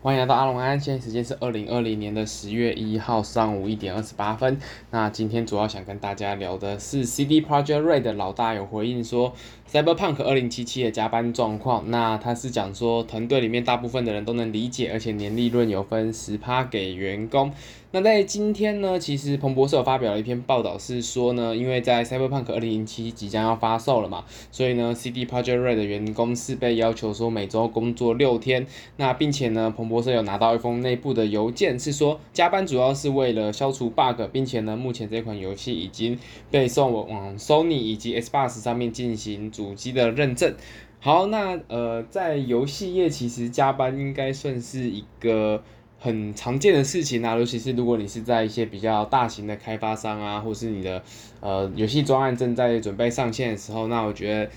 歡迎來到阿龍安，現在時間是二零二零年的十月一號上午一點二十八分。那今天主要想跟大家聊的是 CD Projekt Red 的老大有回應說，《Cyberpunk 二零七七》的加班狀況。那他是講說，團隊裡面大部分的人都能理解，而且年利潤有分十趴給員工。那在今天呢，其實彭博社有發表了一篇報道，是說呢，因為在 Cyberpunk 2077即將要發售了嘛，所以呢，CD Projekt Red 的員工是被要求說每周工作六天。那並且呢，彭博社有拿到一封內部的郵件，是說加班主要是為了消除 bug，並且呢，目前這款遊戲已經被送往 Sony 以及 Xbox 上面進行主機的認證。好，那呃，在遊戲業其實加班應該算是一個。很常見的事情啊，尤其是如果你是在一些比較大型的開發商啊，或是你的呃遊戲專案正在準備上線的時候，那我覺得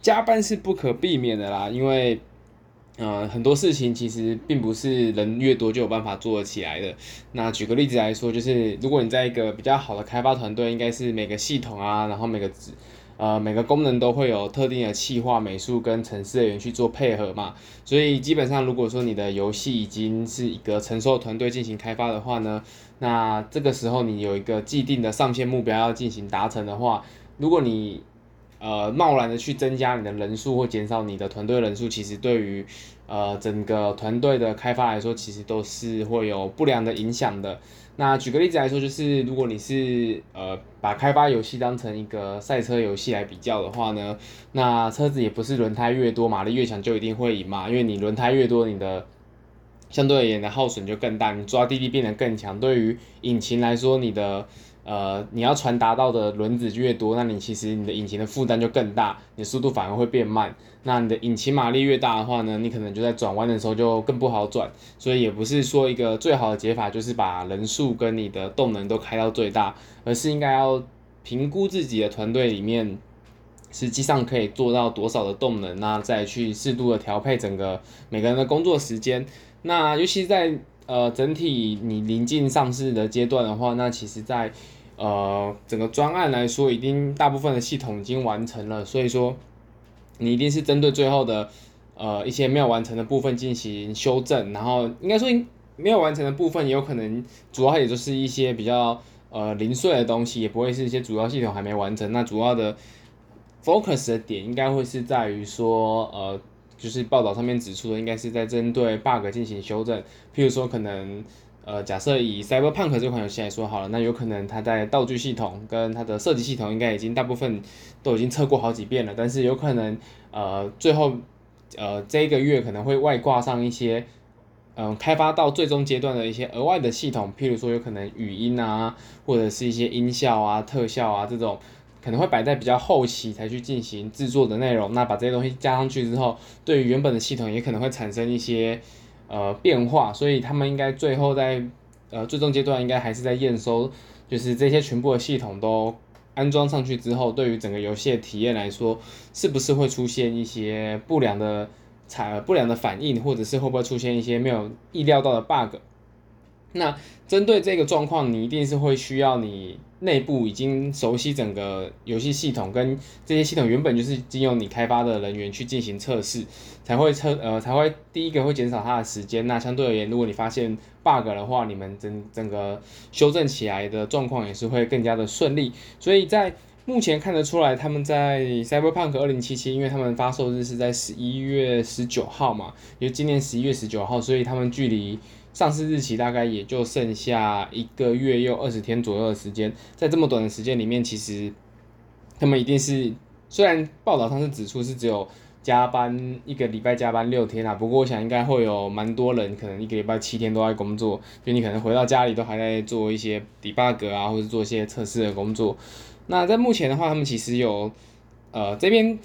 加班是不可避免的啦。因為呃很多事情其實並不是人越多就有辦法做得起來的。那舉個例子來說，就是如果你在一個比較好的開發團隊，應該是每個系統啊，然後每個。呃，每個功能都會有特定的企劃美術跟程式人員去做配合嘛，所以基本上如果說你的遊戲已經是一個成熟的團隊進行開發的話呢，那這個時候你有一個既定的上線目標要進行達成的話，如果你呃貿然的去增加你的人數或減少你的團隊人數，其實對於呃整個團隊的開發來說，其實都是會有不良的影響的。那舉個例子來說，就是如果你是呃把開發遊戲當成一個賽車遊戲來比較的話呢，那車子也不是輪胎越多，馬力越強就一定會贏嘛，因為你輪胎越多，你的相對而言的耗損就更大，你抓地力變得更強，對於引擎來說，你的。呃，你要傳達到的輪子就越多，那你其實你的引擎的負擔就更大，你的速度反而會變慢。那你的引擎馬力越大的話呢，你可能就在轉彎的時候就更不好轉。所以也不是說一個最好的解法就是把人數跟你的動能都開到最大，而是應該要評估自己的團隊裡面實際上可以做到多少的動能，那再去適度的調配整個每個人的工作時間。那尤其在呃整體你臨近上市的階段的話，那其實在呃，整個專案來說，已經大部分的系統已經完成了，所以說你一定是針對最後的呃一些沒有完成的部分進行修正。然後應該說沒有完成的部分，也有可能主要也就是一些比較呃零碎的東西，也不會是一些主要系統還沒完成。那主要的 focus 的點應該會是在於說，呃，就是報道上面指出的，應該是在針對 bug 進行修正。譬如說可能。呃，假設以 Cyberpunk 這款遊戲來說好了，那有可能它在道具系統跟它的設計系統，應該已經大部分都已經測過好幾遍了。但是有可能，呃，最後，呃，這一個月可能會外掛上一些，嗯、呃，開發到最終階段的一些額外的系統，譬如說有可能語音啊，或者是一些音效啊、特效啊這種，可能會擺在比較後期才去進行製作的內容。那把這些東西加上去之後，對於原本的系統也可能會產生一些。呃，變化，所以他們應該最後在呃最終階段應該還是在驗收，就是這些全部的系統都安裝上去之後，對於整個遊戲的體驗來說，是不是會出現一些不良的產、呃、不良的反應，或者是會不會出現一些沒有意料到的 bug？那針對這個狀況，你一定是會需要你內部已經熟悉整個遊戲系統跟這些系統，原本就是經由你開發的人員去進行測試，才會測，呃，才會第一個會減少它的時間。那相對而言，如果你發現 bug 的話，你們整整個修正起來的狀況也是會更加的順利。所以在目前看得出來，他們在 Cyberpunk 二零七七，因為他們發售日是在十一月十九號嘛，就今年十一月十九號，所以他們距離上市日期大概也就剩下一個月又二十天左右的時間。在這麼短的時間裡面，其實他們一定是，雖然報道上是指出是只有加班一個禮拜加班六天啊，不過我想應該會有蠻多人可能一個禮拜七天都在工作，就你可能回到家裡都還在做一些 debug 啊，或者做一些測試的工作。那在目前的話，他們其實有，呃，這邊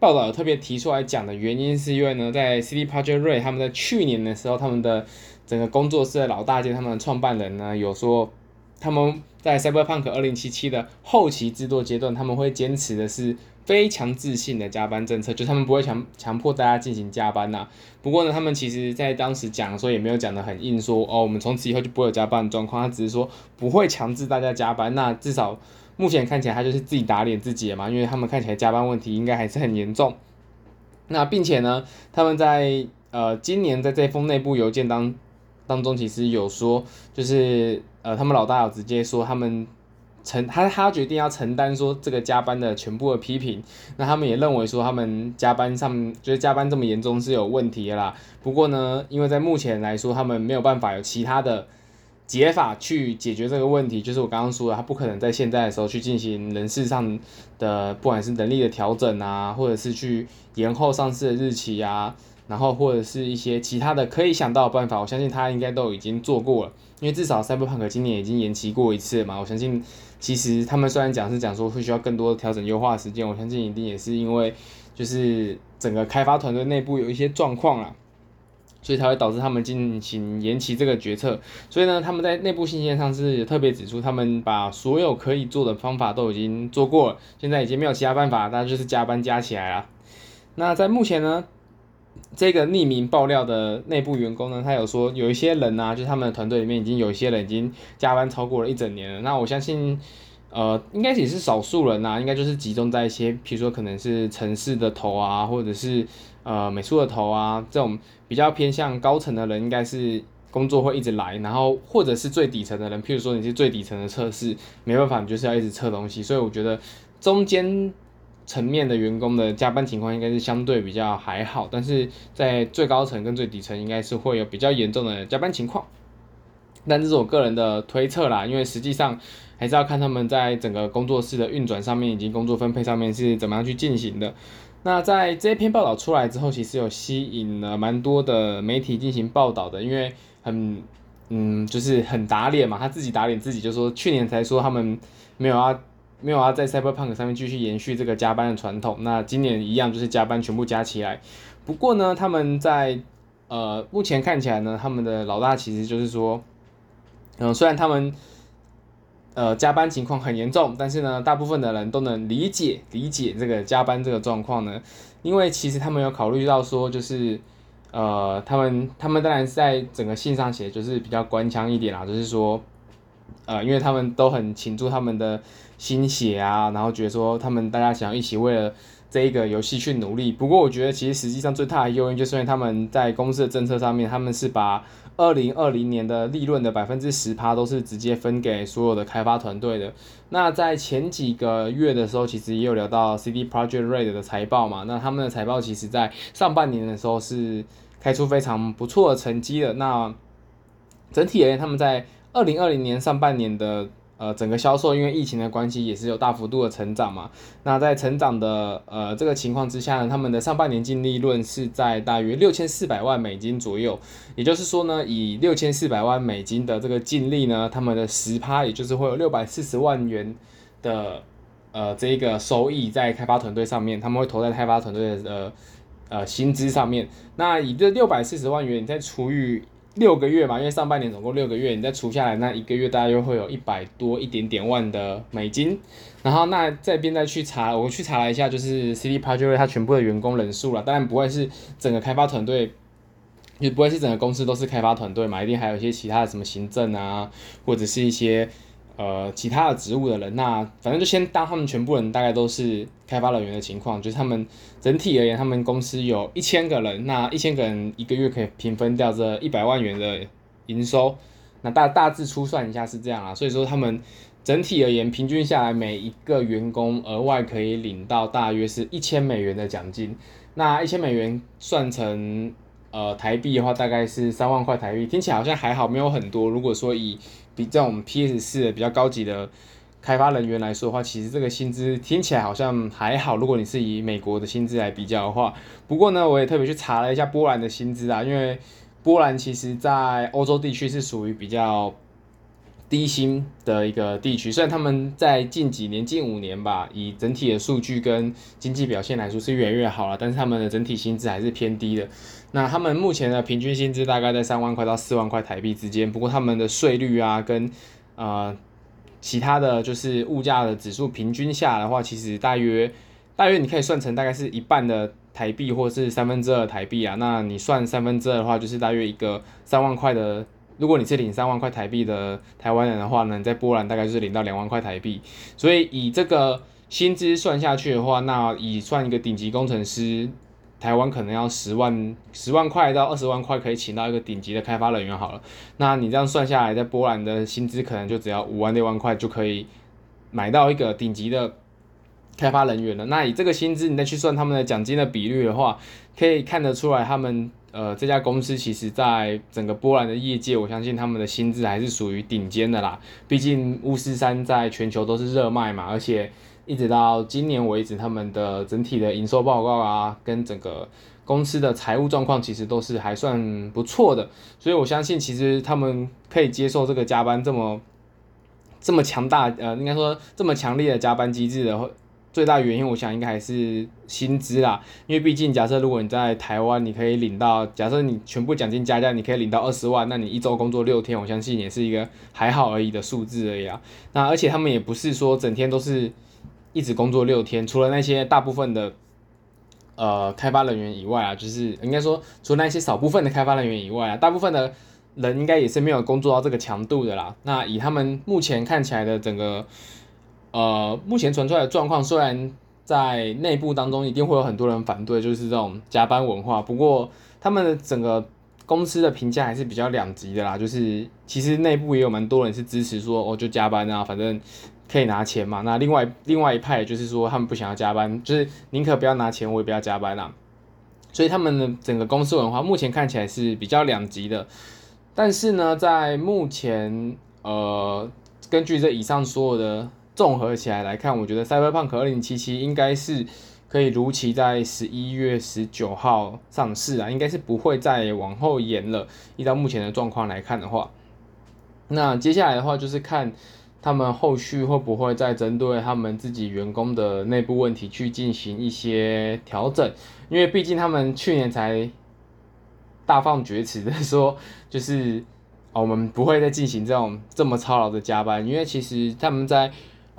報道有特別提出來講的原因是因為呢，在 CD Projekt Red 他們在去年的時候，他們的整個工作室的老大兼他們的創辦人呢，有說他們在 Cyberpunk 二零七七的後期制作階段，他們會堅持的是非強制性的加班政策，就是、他們不會強強迫大家進行加班吶、啊。不過呢，他們其實在當時講的時候也沒有講的很硬說，說哦，我們從此以後就不會有加班的狀況。他只是說不會強制大家加班，那至少。目前看起來他就是自己打臉自己的嘛，因為他們看起來加班問題應該還是很嚴重。那並且呢，他們在呃今年在這封內部郵件當當中，其實有說，就是呃他們老大有直接說他們承，他他決定要承擔說這個加班的全部的批評。那他們也認為說他們加班上就是加班這麼嚴重是有問題的啦。不過呢，因為在目前來說，他們沒有辦法有其他的。解法，去解決這個問題，就是我剛剛說的，他不可能在現在的時候去進行人事上的，不管是能力的調整啊，或者是去延後上市的日期啊，然後或者是一些其他的可以想到的辦法，我相信他應該都已經做過了，因為至少 Cyberpunk 今年已經延期過一次嘛。我相信，其實他們雖然講是講說會需要更多的調整優化時間，我相信一定也是因為就是整個開發團隊內部有一些狀況啦。所以才會導致他們進行延期這個決策。所以呢，他們在內部信件上是特別指出，他們把所有可以做的方法都已經做過了，現在已經沒有其他辦法，那就是加班加起來了。那在目前呢，這個匿名爆料的內部員工呢，他有說有一些人啊，就他們的團隊裡面已經有一些人已經加班超過了一整年了。那我相信，呃，應該也是少數人啊，應該就是集中在一些，比如說可能是城市的頭啊，或者是。呃，美術的頭啊，這種比較偏向高層的人，應該是工作會一直來，然後或者是最底層的人，譬如說你是最底層的測試，沒辦法，你就是要一直測東西。所以我覺得中間層面的員工的加班情況應該是相對比較還好，但是在最高層跟最底層應該是會有比較嚴重的加班情況。但這是我個人的推測啦，因為實際上還是要看他們在整個工作室的運轉上面以及工作分配上面是怎麼樣去進行的。那在這一篇報道出來之後，其實有吸引了蠻多的媒體進行報道的，因為很嗯，就是很打臉嘛，他自己打臉自己，就說去年才說他們沒有啊，沒有啊，在 Cyberpunk 上面繼續延續這個加班的傳統，那今年一樣就是加班全部加起來。不過呢，他們在呃，目前看起來呢，他們的老大其實就是說，嗯，雖然他們。呃，加班情況很嚴重，但是呢，大部分的人都能理解理解這個加班這個狀況呢，因為其實他們有考慮到說，就是，呃，他們他們當然是在整個信上寫，就是比較官腔一點啦，就是說，呃，因為他們都很傾注他們的心血啊，然後覺得說他們大家想要一起為了這一個遊戲去努力。不過我覺得其實實際上最大的誘因，就是因為他們在公司的政策上面，他們是把。二零二零年的利潤的百分之十趴都是直接分給所有的開發團隊的。那在前幾個月的時候，其實也有聊到 CD Project Red 的財報嘛。那他們的財報其實在上半年的時候是開出非常不錯的成績的。那整體而言，他們在二零二零年上半年的。呃，整個銷售因為疫情的關係也是有大幅度的成長嘛。那在成長的呃這個情況之下呢，他們的上半年淨利潤是在大約六千四百萬美金左右。也就是說呢，以六千四百萬美金的這個淨利呢，他們的十趴也就是會有六百四十萬元的呃這一個收益在開發團隊上面，他們會投在開發團隊的呃呃薪資上面。那以這六百四十萬元再除以六個月嘛，因為上半年總共六個月，你再除下來，那一個月大約會有一百多一點點萬的美金。然後那這邊再去查，我去查了一下，就是 CDPR 他全部的員工人數了。當然不會是整個開發團隊，也不會是整個公司都是開發團隊嘛，一定還有一些其他的什麼行政啊，或者是一些。呃，其他的職務的人，那反正就先當他們全部人大概都是開發人員的情況，就是他們整體而言，他們公司有一千個人，那一千個人一個月可以平分掉這一百萬元的營收，那大大致初算一下是這樣啊，所以說他們整體而言平均下來，每一個員工額外可以領到大約是一千美元的獎金，那一千美元算成。呃，台幣的話大概是三萬塊台幣，聽起來好像還好，沒有很多。如果說以比這種 PS 4的比較高級的開發人員來說的話，其實這個薪資聽起來好像還好。如果你是以美國的薪資來比較的話，不過呢，我也特別去查了一下波蘭的薪資啊，因為波蘭其實，在歐洲地區是屬於比較低薪的一個地區，雖然他們在近幾年、近五年吧，以整體的數據跟經濟表現來說是越來越好了，啊，但是他們的整體薪資還是偏低的。那他們目前的平均薪資大概在三萬塊到四萬塊台幣之間。不過他們的稅率啊，跟呃其他的就是物價的指數平均下的話，其實大約大約你可以算成大概是一半的台幣，或是三分之二的台幣啊。那你算三分之二的話，就是大約一個三萬塊的。如果你是領三萬塊台幣的台灣人的話呢，你在波蘭大概就是領到兩萬塊台幣，所以以這個薪資算下去的話，那以算一個頂級工程師，台灣可能要十萬十萬塊到二十萬塊可以請到一個頂級的開發人員好了。那你這樣算下來，在波蘭的薪資可能就只要五萬六萬塊就可以買到一個頂級的開發人員了。那以這個薪資，你再去算他們的獎金的比率的話，可以看得出來他們。呃，這家公司其實，在整個波蘭的業界，我相信他們的薪資還是屬於頂尖的啦。畢竟巫師三在全球都是熱賣嘛，而且一直到今年為止，他們的整體的營收報告啊，跟整個公司的財務狀況，其實都是還算不錯的。所以我相信，其實他們可以接受這個加班這麼這麼強大，呃，應該說這麼強烈的加班機制的。最大原因，我想應該還是薪資啦，因為畢竟假設如果你在台灣，你可以領到，假設你全部獎金加價，你可以領到二十萬，那你一周工作六天，我相信也是一個還好而已的數字而已啊。那而且他們也不是說整天都是一直工作六天，除了那些大部分的呃開發人員以外啊，就是應該說除了那些少部分的開發人員以外啊，大部分的人應該也是沒有工作到這個強度的啦。那以他們目前看起來的整個。呃，目前存在的狀況，雖然在內部當中一定會有很多人反對，就是這種加班文化。不過，他們的整個公司的評價還是比較兩極的啦。就是其實內部也有蠻多人是支持說，哦，就加班啊，反正可以拿錢嘛。那另外另外一派就是說，他們不想要加班，就是寧可不要拿錢，我也不要加班啦、啊。所以他們的整個公司文化目前看起來是比較兩極的。但是呢，在目前呃，根據這以上所有的。綜合起來來看，我覺得 Cyberpunk 2077應該是可以如期在11月19號上市啊，應該是不會再往後延了。依照目前的狀況來看的話，那接下來的話就是看他們後續會不會再針對他們自己員工的內部問題去進行一些調整，因為畢竟他們去年才大放厥詞的說，就是我們不會再進行這種這麼操勞的加班，因為其實他們在。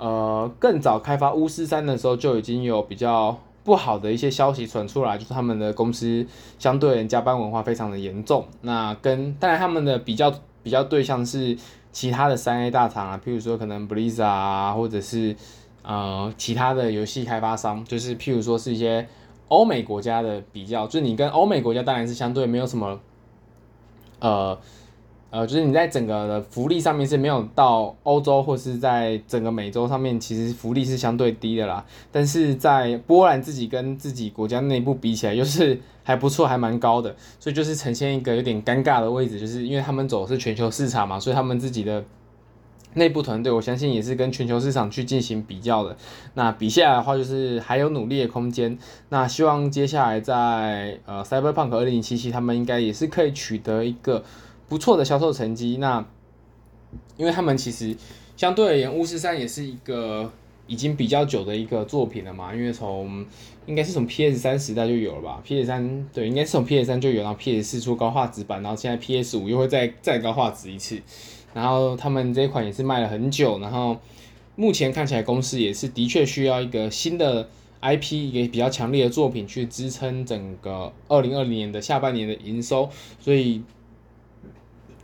呃，更早開發《巫師三》的時候，就已經有比較不好的一些消息傳出來，就是他們的公司相對人加班文化非常的嚴重。那跟當然他們的比較比較對象是其他的三 A 大廠啊，譬如說可能 Blizzard 啊，或者是呃其他的遊戲開發商，就是譬如說是一些歐美國家的比較。就是你跟歐美國家當然是相對沒有什麼呃。呃，就是你在整個的福利上面是沒有到歐洲或是在整個美洲上面，其實福利是相對低的啦。但是在波蘭自己跟自己國家內部比起來，又是還不錯，還蠻高的。所以就是呈現一個有點尷尬的位置，就是因為他們走的是全球市場嘛，所以他們自己的內部團隊，我相信也是跟全球市場去進行比較的。那比下來的話，就是還有努力的空間。那希望接下來在呃 Cyberpunk 2077，他們應該也是可以取得一個。不錯的銷售成績，那因為他們其實相對而言，《巫師三》也是一個已經比較久的一個作品了嘛，因為從應該是從 PS 三時代就有了吧，PS 三對，應該是從 PS 三就有了，然後 PS 四出高畫質版，然後現在 PS 五又會再再高畫質一次，然後他們這一款也是賣了很久，然後目前看起來公司也是的確需要一個新的 IP，一個比較強烈的作品去支撐整個2020年的下半年的營收，所以。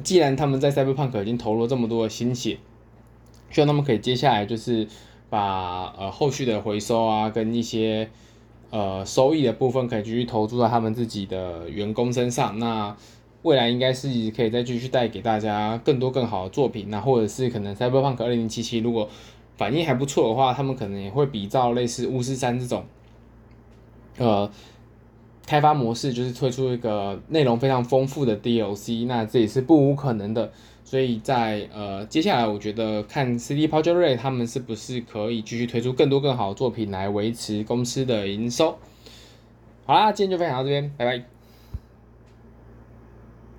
既然他們在 Cyberpunk 已經投入了這麼多的心血，希望他們可以接下來就是把呃後續的回收啊，跟一些呃收益的部分可以繼續投注在他們自己的員工身上。那未來應該是可以再繼續帶給大家更多更好的作品啊，那或者是可能 Cyberpunk 二零七七如果反應還不錯的話，他們可能也會比照類似巫師三這種，呃。開發模式就是推出一個內容非常豐富的 DLC，那這也是不無可能的。所以在呃接下來，我覺得看 CD Projekt Red 他們是不是可以繼續推出更多更好的作品來維持公司的營收。好啦，今天就分享到這邊，拜拜。